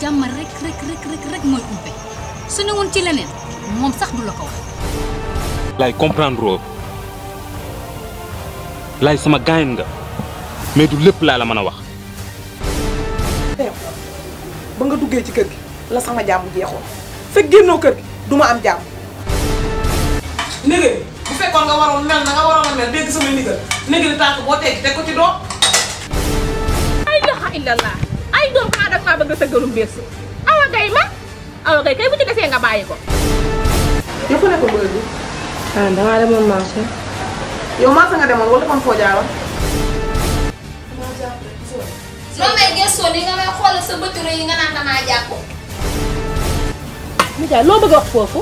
jamm rek rek rek rek rek moy ubbe su ne woon ci lenen mom sax du lako wax lay comprendre oo lay sama gaañin nga mais du lepp la la mën wax ba nga duggé ci kër gi la sama jamm jeexoon fekk génnoo kër gi duma am jamm négé bu fekkon nga waron mel na nga waron na mel dégg sama ndigal négé tànk bo teggi teg ko ci do ay ilaha illallah ay doom xanaa danga maa bëgg sa gërum biir si awa gay kay bu ci desee nga bàyyi ko. yow fa ne ko bëri bi. ah damaa demoon marché. yow marché nga demoon wala kon foo jaawa. yi nga naan loo bëgg a wax foofu.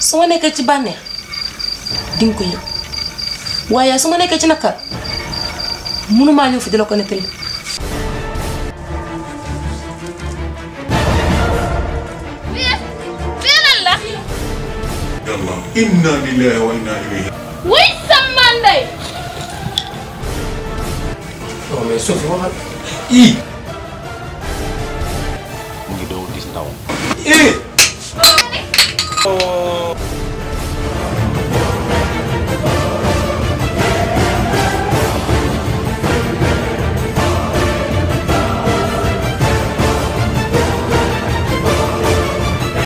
su ma nekkee ci bànneex di ko yëg waaye su ma nekkee ci naqar mënumaa ñëw fi di la ko nettali yàlla inna lillahi wa inna ilayhi. wuy sama ndey. non mais Sophie waxal. ii. mu ngi doon gis ndaw. ii.